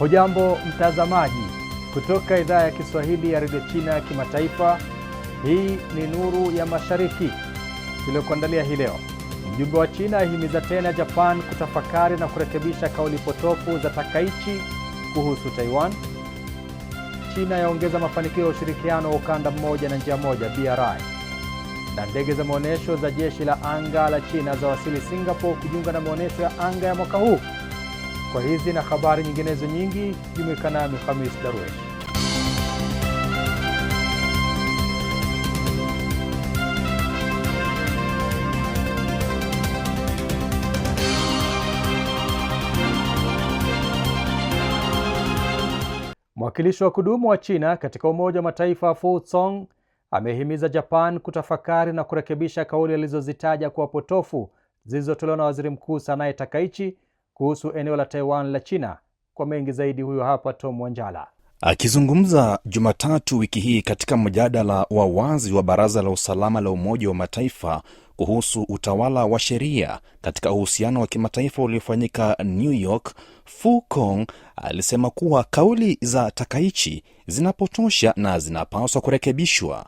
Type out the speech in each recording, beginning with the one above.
Hujambo mtazamaji kutoka idhaa ya Kiswahili ya redio China ya kimataifa. Hii ni Nuru ya Mashariki iliyokuandalia hii leo. Mjumbe wa China ahimiza tena Japan kutafakari na kurekebisha kauli potofu za Takaichi kuhusu Taiwan. China yaongeza mafanikio ya ushirikiano wa ukanda mmoja na njia moja BRI, na ndege za maonyesho za jeshi la anga la China za wasili Singapore kujiunga na maonyesho ya anga ya mwaka huu. Kwa hizi na habari nyinginezo nyingi, jumuika nami Hamis Darwesh. Mwakilishi wa kudumu wa China katika Umoja wa Mataifa Fu Song amehimiza Japan kutafakari na kurekebisha kauli alizozitaja kuwa potofu zilizotolewa na Waziri Mkuu Sanae Takaichi kuhusu eneo la Taiwan la China. Kwa mengi zaidi, huyo hapa Tom Wanjala akizungumza Jumatatu wiki hii katika mjadala wa wazi wa Baraza la Usalama la Umoja wa Mataifa kuhusu utawala wa sheria katika uhusiano wa kimataifa uliofanyika New York, Fu Kong alisema kuwa kauli za Takaichi zinapotosha na zinapaswa kurekebishwa.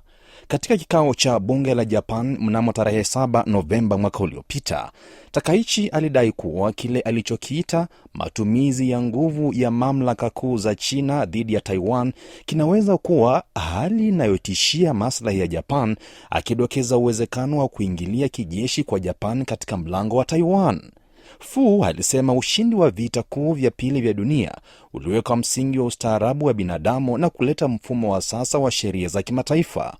Katika kikao cha bunge la Japan mnamo tarehe 7 Novemba mwaka uliopita, Takaichi alidai kuwa kile alichokiita matumizi ya nguvu ya mamlaka kuu za China dhidi ya Taiwan kinaweza kuwa hali inayotishia maslahi ya Japan, akidokeza uwezekano wa kuingilia kijeshi kwa Japan katika mlango wa Taiwan. Fu alisema ushindi wa vita kuu vya pili vya dunia uliweka msingi wa ustaarabu wa binadamu na kuleta mfumo wa sasa wa sheria za kimataifa.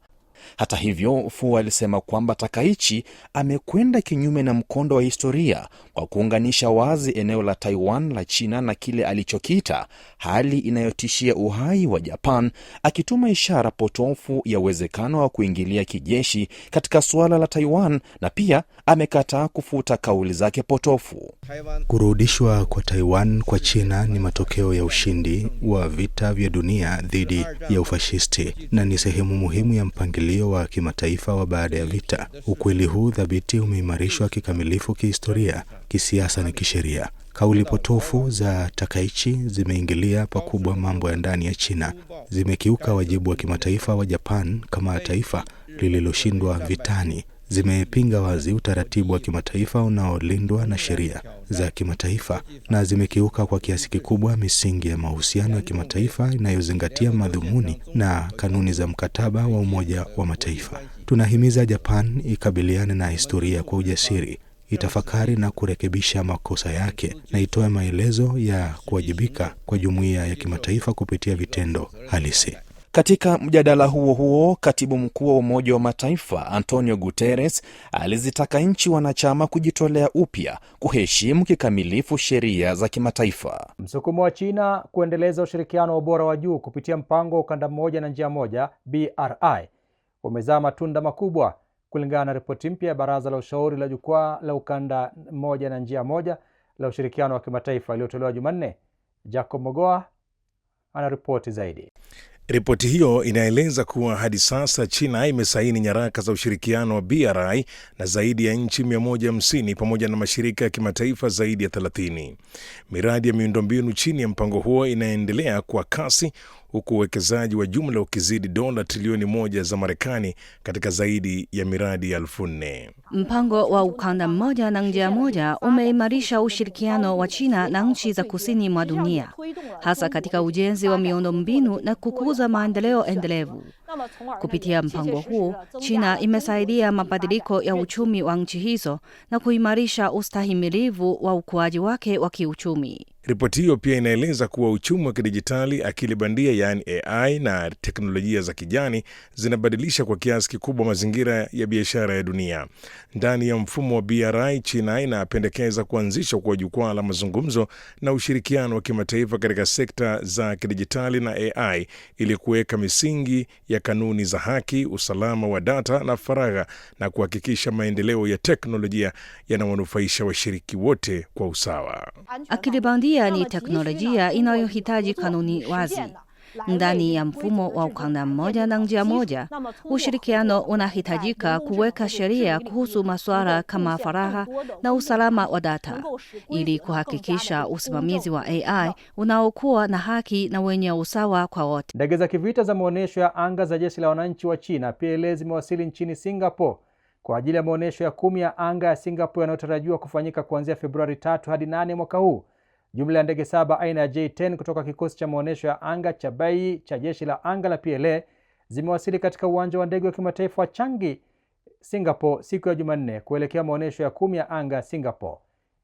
Hata hivyo, Fua alisema kwamba Takaichi amekwenda kinyume na mkondo wa historia kwa kuunganisha wazi eneo la Taiwan la China na kile alichokiita hali inayotishia uhai wa Japan, akituma ishara potofu ya uwezekano wa kuingilia kijeshi katika suala la Taiwan, na pia amekataa kufuta kauli zake potofu. Kurudishwa kwa Taiwan kwa China ni matokeo ya ushindi wa vita vya dunia dhidi ya ufashisti na ni sehemu muhimu ya mpangilio mpangilio wa kimataifa wa baada ya vita. Ukweli huu thabiti umeimarishwa kikamilifu kihistoria, kisiasa na kisheria. Kauli potofu za Takaichi zimeingilia pakubwa mambo ya ndani ya China, zimekiuka wajibu wa kimataifa wa Japan kama taifa lililoshindwa vitani zimepinga wazi utaratibu wa kimataifa unaolindwa na sheria za kimataifa na zimekiuka kwa kiasi kikubwa misingi ya mahusiano ya kimataifa inayozingatia madhumuni na kanuni za mkataba wa Umoja wa Mataifa. Tunahimiza Japan ikabiliane na historia kwa ujasiri, itafakari na kurekebisha makosa yake na itoe maelezo ya kuwajibika kwa jumuiya ya kimataifa kupitia vitendo halisi. Katika mjadala huo huo, katibu mkuu wa Umoja wa Mataifa Antonio Guterres alizitaka nchi wanachama kujitolea upya kuheshimu kikamilifu sheria za kimataifa. Msukumo wa China kuendeleza ushirikiano wa ubora wa juu kupitia mpango wa ukanda mmoja na njia moja BRI umezaa matunda makubwa kulingana na ripoti mpya ya Baraza la Ushauri la Jukwaa la Ukanda Mmoja na Njia Moja la ushirikiano wa kimataifa iliyotolewa Jumanne. Jacob Mogoa anaripoti zaidi. Ripoti hiyo inaeleza kuwa hadi sasa China imesaini nyaraka za ushirikiano wa BRI na zaidi ya nchi 150 pamoja na mashirika ya kimataifa zaidi ya 30. Miradi ya miundombinu chini ya mpango huo inaendelea kwa kasi huku uwekezaji wa jumla ukizidi dola trilioni moja za Marekani katika zaidi ya miradi ya elfu nne. Mpango wa ukanda mmoja na njia moja umeimarisha ushirikiano wa China na nchi za kusini mwa dunia hasa katika ujenzi wa miundombinu na kukuza kukuza maendeleo endelevu. Kupitia mpango huu, China imesaidia mabadiliko ya uchumi wa nchi hizo na kuimarisha ustahimilivu wa ukuaji wake wa kiuchumi. Ripoti hiyo pia inaeleza kuwa uchumi wa kidijitali, akili bandia, yaani AI, na teknolojia za kijani zinabadilisha kwa kiasi kikubwa mazingira ya biashara ya dunia. Ndani ya mfumo wa BRI, China inapendekeza kuanzishwa kwa jukwaa la mazungumzo na ushirikiano wa kimataifa katika sekta za kidijitali na AI ili kuweka misingi ya kanuni za haki, usalama wa data na faragha na kuhakikisha maendeleo ya teknolojia yanawanufaisha washiriki wote kwa usawa. Akili bandia ni teknolojia inayohitaji kanuni wazi ndani ya mfumo wa ukanda mmoja na njia moja. Ushirikiano unahitajika kuweka sheria kuhusu masuala kama faragha na usalama wa data ili kuhakikisha usimamizi wa AI unaokuwa na haki na wenye usawa kwa wote. Ndege za kivita za maonyesho ya anga za jeshi la wananchi wa China PLA zimewasili nchini Singapore kwa ajili ya maonyesho ya kumi ya anga ya Singapore yanayotarajiwa kufanyika kuanzia Februari tatu hadi nane mwaka huu. Jumla ya ndege saba aina ya J10 kutoka kikosi cha maonyesho ya anga cha bai cha jeshi la anga la PLA zimewasili katika uwanja wa ndege wa kimataifa wa Changi, Singapore siku ya Jumanne kuelekea maonyesho ya kumi ya anga Singapore.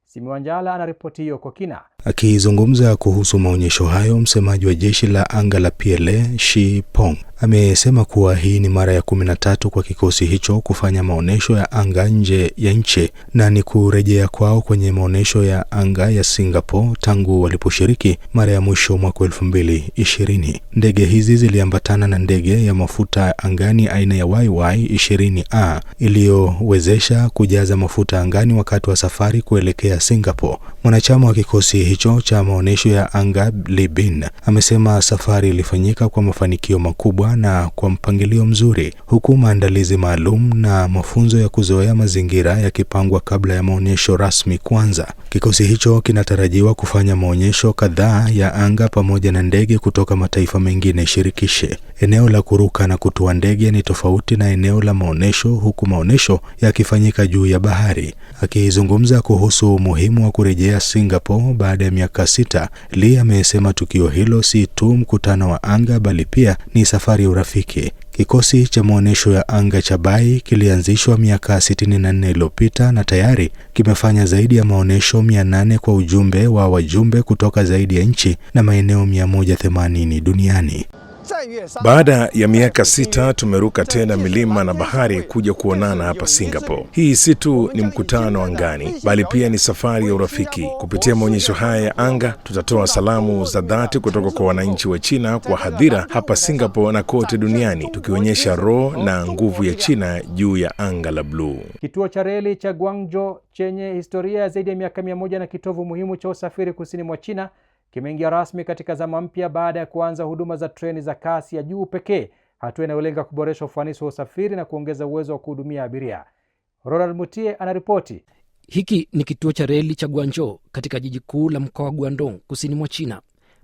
Simiwanjala anaripoti hiyo kwa kina. Akizungumza kuhusu maonyesho hayo, msemaji wa jeshi la anga la PLA Shi Pong amesema kuwa hii ni mara ya kumi na tatu kwa kikosi hicho kufanya maonyesho ya anga nje ya nchi na ni kurejea kwao kwenye maonyesho ya anga ya Singapore tangu waliposhiriki mara ya mwisho mwaka elfu mbili ishirini. Ndege hizi ziliambatana na ndege ya mafuta angani aina ya YY20A iliyowezesha kujaza mafuta angani wakati wa safari kuelekea Singapore. Mwanachama wa kikosi hicho cha maonyesho ya anga Libin amesema safari ilifanyika kwa mafanikio makubwa na kwa mpangilio mzuri, huku maandalizi maalum na mafunzo ya kuzoea mazingira yakipangwa kabla ya maonyesho rasmi kuanza. Kikosi hicho kinatarajiwa kufanya maonyesho kadhaa ya anga pamoja na ndege kutoka mataifa mengine shirikishe Eneo la kuruka na kutua ndege ni tofauti na eneo la maonyesho, huku maonyesho yakifanyika juu ya bahari. Akizungumza kuhusu umuhimu wa kurejea Singapore baada ya miaka sita, Lee amesema tukio hilo si tu mkutano wa anga, bali pia ni safari ya urafiki. Kikosi cha maonyesho ya anga cha Bai kilianzishwa miaka 64 iliyopita na tayari kimefanya zaidi ya maonyesho 800 kwa ujumbe wa wajumbe kutoka zaidi ya nchi na maeneo 180 duniani. Baada ya miaka sita tumeruka tena milima na bahari kuja kuonana hapa Singapore. Hii si tu ni mkutano angani, bali pia ni safari ya urafiki. Kupitia maonyesho haya ya anga, tutatoa salamu za dhati kutoka kwa wananchi wa China kwa hadhira hapa Singapore na kote duniani, tukionyesha roho na nguvu ya China juu ya anga la bluu. Kituo cha reli cha Guangzhou chenye historia zaidi ya miaka mia moja na kitovu muhimu cha usafiri kusini mwa China kimeingia rasmi katika zama mpya baada ya kuanza huduma za treni za kasi ya juu pekee, hatua inayolenga kuboresha ufanisi wa usafiri na kuongeza uwezo wa kuhudumia abiria. Ronald Mutie anaripoti. Hiki ni kituo cha reli cha Guangzhou katika jiji kuu la mkoa wa Guangdong kusini mwa China.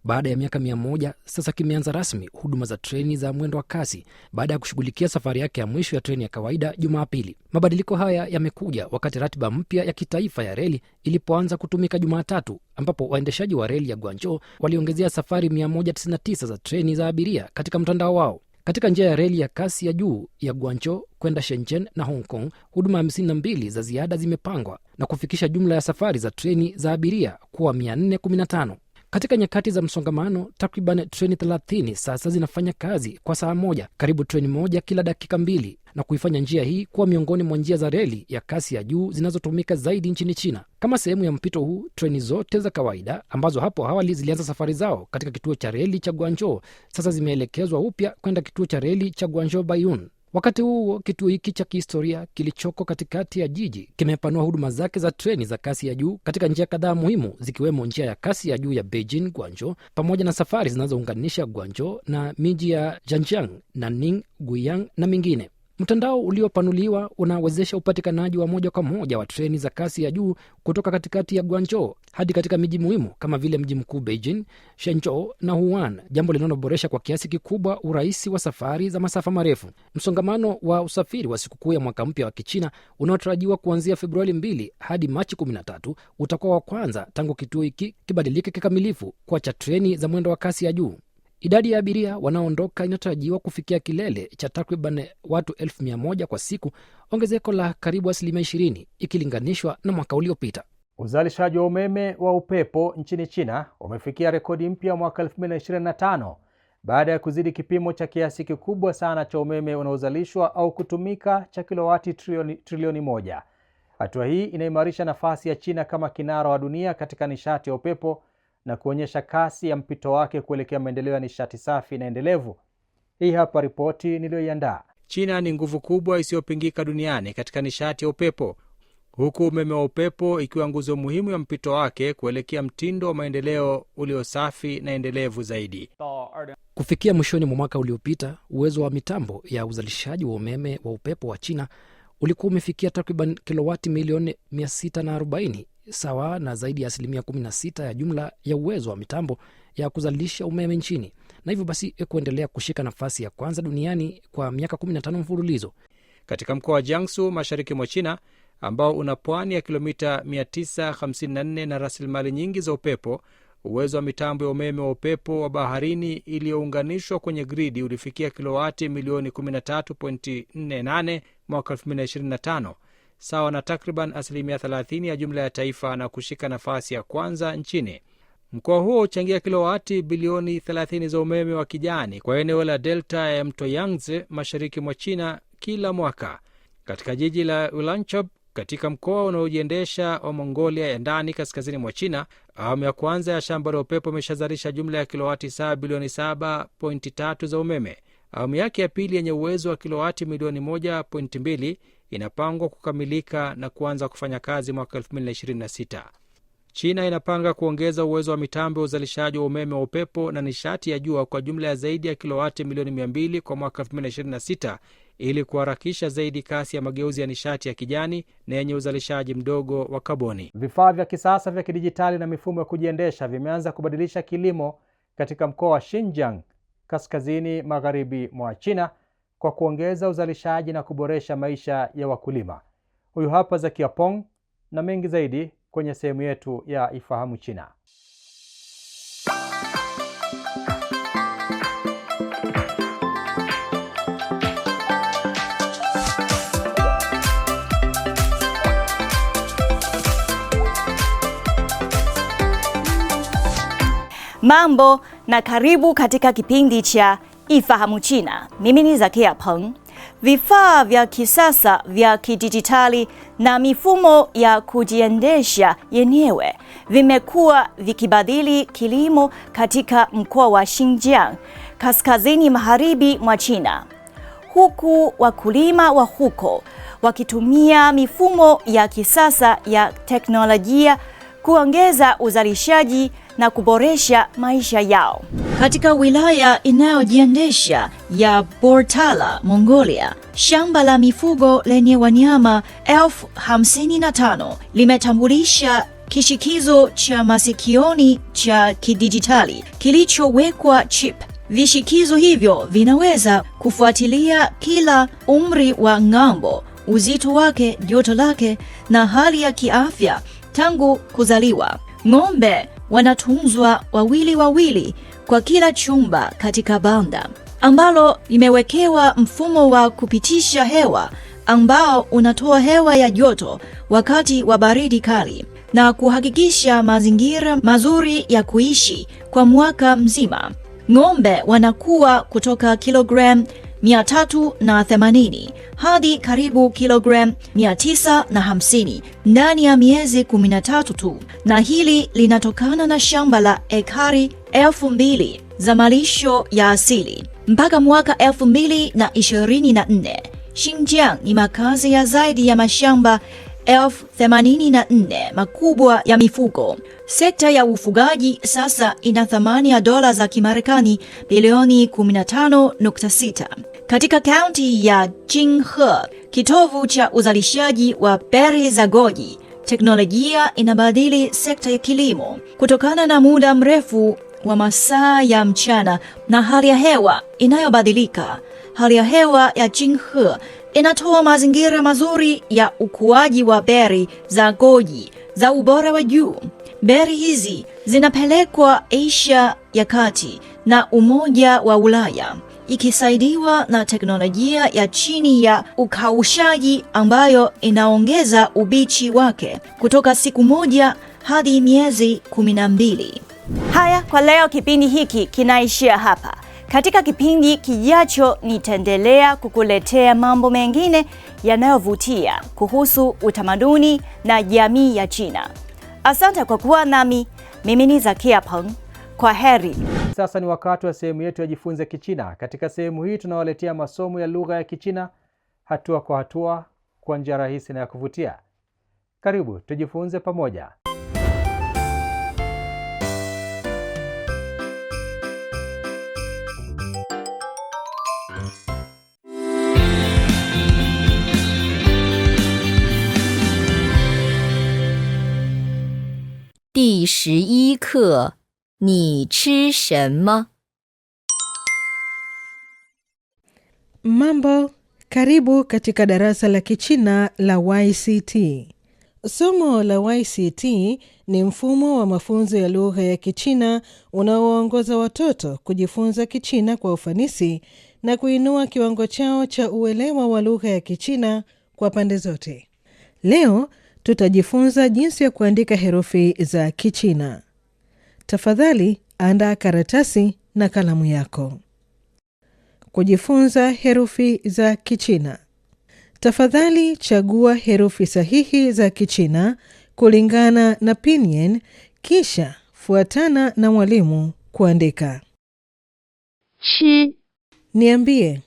Baada ya miaka mia moja sasa kimeanza rasmi huduma za treni za mwendo wa kasi baada ya kushughulikia safari yake ya mwisho ya treni ya kawaida Jumapili. Mabadiliko haya yamekuja wakati ratiba mpya ya kitaifa ya reli ilipoanza kutumika Jumatatu, ambapo waendeshaji wa reli ya Guangzhou waliongezea safari 199 za treni za abiria katika mtandao wao. Katika njia ya reli ya kasi ya juu ya Guangzhou kwenda Shenzhen na Hong Kong, huduma 52 za ziada zimepangwa na kufikisha jumla ya safari za treni za abiria kuwa 415. Katika nyakati za msongamano, takriban treni 30 sasa zinafanya kazi kwa saa moja, karibu treni moja kila dakika mbili, na kuifanya njia hii kuwa miongoni mwa njia za reli ya kasi ya juu zinazotumika zaidi nchini China. Kama sehemu ya mpito huu, treni zote za kawaida ambazo hapo awali zilianza safari zao katika kituo cha reli cha guanjo sasa zimeelekezwa upya kwenda kituo cha reli cha guanjo bayun Wakati huo kituo hiki cha kihistoria kilichoko katikati ya jiji kimepanua huduma zake za treni za kasi ya juu katika njia kadhaa muhimu, zikiwemo njia ya kasi ya juu ya Beijing gwanjo pamoja na safari zinazounganisha gwanjo na miji ya na ning Guiyang na mingine. Mtandao uliopanuliwa unawezesha upatikanaji wa moja kwa moja wa treni za kasi ya juu kutoka katikati ya Guangzhou hadi katika miji muhimu kama vile mji mkuu Beijing, Shenzhou na Wuhan, jambo linaloboresha kwa kiasi kikubwa urahisi wa safari za masafa marefu. Msongamano wa usafiri wa sikukuu ya mwaka mpya wa Kichina unaotarajiwa kuanzia Februari 2 hadi Machi 13 utakuwa wa kwanza tangu kituo hiki kibadilike kikamilifu kwa cha treni za mwendo wa kasi ya juu. Idadi ya abiria wanaoondoka inatarajiwa kufikia kilele cha takriban watu 1 kwa siku, ongezeko la karibu asilimia 20 ikilinganishwa na mwaka uliopita. Uzalishaji wa umeme wa upepo nchini China umefikia rekodi mpya mwaka 2025 baada ya kuzidi kipimo cha kiasi kikubwa sana cha umeme unaozalishwa au kutumika cha kilowati trilioni, trilioni moja. Hatua hii inaimarisha nafasi ya China kama kinara wa dunia katika nishati ya upepo na kuonyesha kasi ya mpito wake kuelekea maendeleo ya nishati safi na endelevu. Hii hapa ripoti niliyoiandaa. China ni nguvu kubwa isiyopingika duniani katika nishati ya upepo, huku umeme wa upepo ikiwa nguzo muhimu ya mpito wake kuelekea mtindo wa maendeleo ulio safi na endelevu zaidi. Kufikia mwishoni mwa mwaka uliopita, uwezo wa mitambo ya uzalishaji wa umeme wa upepo wa China ulikuwa umefikia takriban kilowati milioni 640 sawa na zaidi ya asilimia 16 ya jumla ya uwezo wa mitambo ya kuzalisha umeme nchini na hivyo basi eh, kuendelea kushika nafasi ya kwanza duniani kwa miaka 15 mfululizo. Katika mkoa wa Jiangsu mashariki mwa China ambao una pwani ya kilomita 954 na rasilimali nyingi za upepo, uwezo wa mitambo ya umeme wa upepo wa baharini iliyounganishwa kwenye gridi ulifikia kilowati milioni 13.48 mwaka 2025 sawa na takriban asilimia 30 ya jumla ya taifa na kushika nafasi ya kwanza nchini. Mkoa huo huchangia kilowati bilioni 30 za umeme wa kijani kwa eneo la delta ya mto Yangtze mashariki mwa China kila mwaka. Katika jiji la Ulanchab katika mkoa unaojiendesha wa Mongolia ya ndani kaskazini mwa China, awamu ya kwanza ya shamba la upepo imeshazalisha jumla ya kilowati saa bilioni 7.3 za umeme. Awamu yake ya pili yenye uwezo wa kilowati milioni 1.2 inapangwa kukamilika na kuanza kufanya kazi mwaka 2026. China inapanga kuongeza uwezo wa mitambo ya uzalishaji wa umeme wa upepo na nishati ya jua kwa jumla ya zaidi ya kilowati milioni 200 kwa mwaka 2026 ili kuharakisha zaidi kasi ya mageuzi ya nishati ya kijani na yenye uzalishaji mdogo wa kaboni. Vifaa vya kisasa vya kidijitali na mifumo ya kujiendesha vimeanza kubadilisha kilimo katika mkoa wa Xinjiang, kaskazini magharibi mwa China kwa kuongeza uzalishaji na kuboresha maisha ya wakulima. Huyu hapa Zakia Pong na mengi zaidi kwenye sehemu yetu ya Ifahamu China. Mambo na karibu katika kipindi cha Ifahamu China. Mimi ni Zakia Peng. Vifaa vya kisasa vya kidijitali na mifumo ya kujiendesha yenyewe vimekuwa vikibadili kilimo katika mkoa wa Xinjiang, kaskazini magharibi mwa China, huku wakulima wa huko wakitumia mifumo ya kisasa ya teknolojia kuongeza uzalishaji na kuboresha maisha yao. Katika wilaya inayojiendesha ya bortala Mongolia, shamba la mifugo lenye wanyama elfu hamsini na tano limetambulisha kishikizo cha masikioni cha kidijitali kilichowekwa chip. Vishikizo hivyo vinaweza kufuatilia kila umri wa ng'ambo, uzito wake, joto lake na hali ya kiafya tangu kuzaliwa. Ng'ombe wanatunzwa wawili wawili kwa kila chumba katika banda ambalo limewekewa mfumo wa kupitisha hewa ambao unatoa hewa ya joto wakati wa baridi kali na kuhakikisha mazingira mazuri ya kuishi kwa mwaka mzima. Ng'ombe wanakuwa kutoka kilogram 380 hadi karibu kilogram 950 ndani ya miezi 13 tu, na hili linatokana na shamba la ekari elfu mbili za malisho ya asili mpaka mwaka elfu mbili na ishirini na nne. Xinjiang ni makazi ya zaidi ya mashamba elfu themanini na nne makubwa ya mifugo. Sekta ya ufugaji sasa ina thamani ya dola za Kimarekani bilioni 15.6. Katika kaunti ya Jinghe, kitovu cha uzalishaji wa beri za goji, teknolojia inabadili sekta ya kilimo. Kutokana na muda mrefu wa masaa ya mchana na hali ya hewa inayobadilika. Hali ya hewa ya Jinghe inatoa mazingira mazuri ya ukuaji wa beri za goji za ubora wa juu. Beri hizi zinapelekwa Asia ya Kati na Umoja wa Ulaya ikisaidiwa na teknolojia ya chini ya ukaushaji ambayo inaongeza ubichi wake kutoka siku moja hadi miezi kumi na mbili. Haya kwa leo, kipindi hiki kinaishia hapa. Katika kipindi kijacho nitaendelea kukuletea mambo mengine yanayovutia kuhusu utamaduni na jamii ya China. Asante kwa kuwa nami. Mimi ni Zakia Peng. Kwa heri. Sasa ni wakati wa sehemu yetu ya Jifunze Kichina. Katika sehemu hii tunawaletea masomo ya lugha ya Kichina hatua kwa hatua kwa njia rahisi na ya kuvutia. Karibu tujifunze pamoja. 第十一课：你吃什么？Mambo, karibu katika darasa la Kichina la YCT. Somo la YCT ni mfumo wa mafunzo ya lugha ya Kichina unaowaongoza watoto kujifunza Kichina kwa ufanisi na kuinua kiwango chao cha uelewa wa lugha ya Kichina kwa pande zote. Leo tutajifunza jinsi ya kuandika herufi za Kichina. Tafadhali andaa karatasi na kalamu yako. Kujifunza herufi za Kichina. Tafadhali chagua herufi sahihi za Kichina kulingana na Pinyin, kisha fuatana na mwalimu kuandika. Chi. Niambie,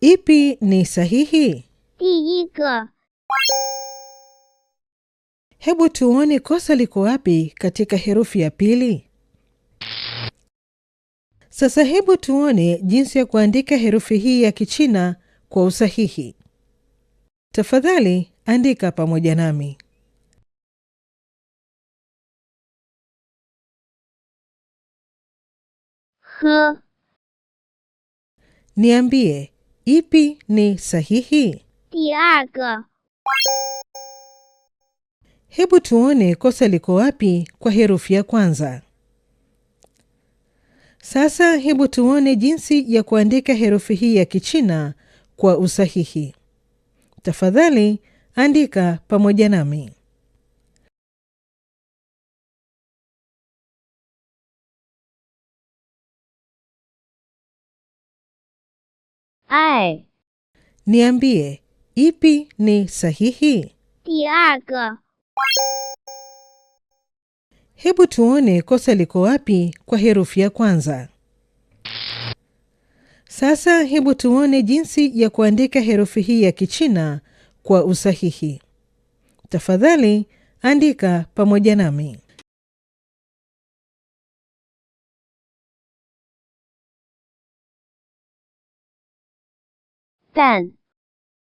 ipi ni sahihi? Diiga. Hebu tuone kosa liko wapi katika herufi ya pili. Sasa hebu tuone jinsi ya kuandika herufi hii ya Kichina kwa usahihi. Tafadhali andika pamoja nami. He. Niambie ipi ni sahihi? Diaga. Hebu tuone kosa liko wapi kwa herufi ya kwanza. Sasa hebu tuone jinsi ya kuandika herufi hii ya Kichina kwa usahihi. Tafadhali andika pamoja nami. Ai. Niambie ipi ni sahihi? Diaga. Hebu tuone kosa liko wapi kwa herufi ya kwanza. Sasa hebu tuone jinsi ya kuandika herufi hii ya Kichina kwa usahihi. Tafadhali andika pamoja nami.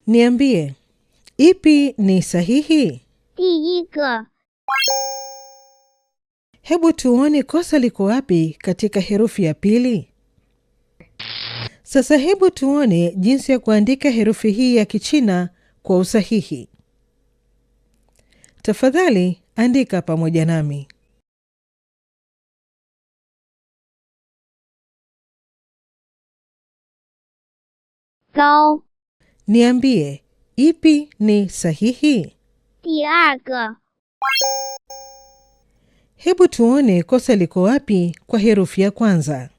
Niambie, ipi ni sahihi? 一个。Hebu tuone kosa liko wapi katika herufi ya pili. Sasa hebu tuone jinsi ya kuandika herufi hii ya Kichina kwa usahihi. Tafadhali andika pamoja nami. Gao. Niambie ipi ni sahihi? 第二个。Hebu tuone kosa liko wapi kwa herufi ya kwanza.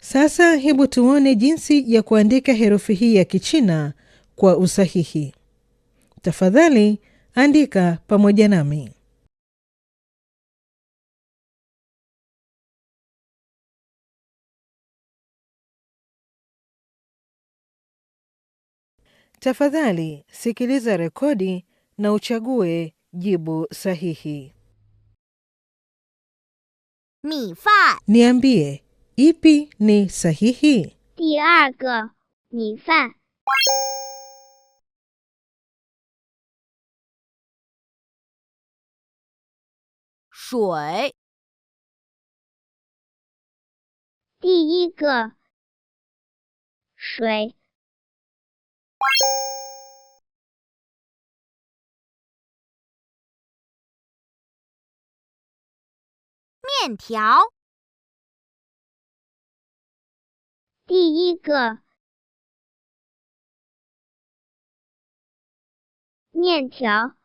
Sasa hebu tuone jinsi ya kuandika herufi hii ya Kichina kwa usahihi. Tafadhali andika pamoja nami. Tafadhali sikiliza rekodi na uchague jibu sahihi. Mifaa. Niambie, ipi ni sahihi? Diago, mifaa. Shui. Diigo, shui. 面条，第一个面条。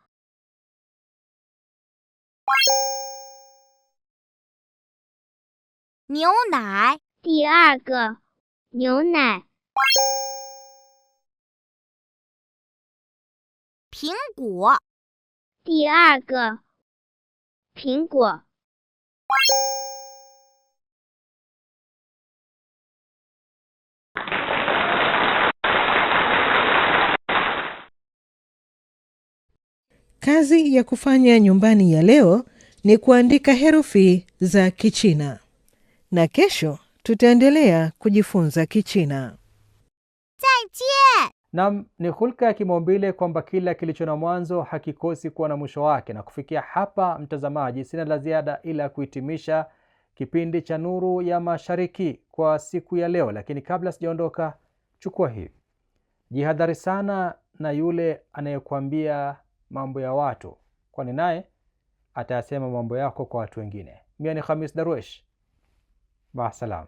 牛奶，第二个牛奶。苹果。第二个，苹果。Kazi ya kufanya nyumbani ya leo ni kuandika herufi za Kichina, na kesho tutaendelea kujifunza Kichina. 再见。na ni hulka ya kimaumbile kwamba kila kilicho na mwanzo hakikosi kuwa na mwisho wake. Na kufikia hapa, mtazamaji, sina la ziada ila kuhitimisha kipindi cha Nuru ya Mashariki kwa siku ya leo, lakini kabla sijaondoka, chukua hivi Jihadhari sana na yule anayekwambia mambo ya watu, kwani naye atayasema mambo yako kwa watu wengine. Mimi ni Khamis Darwesh, maasalamu.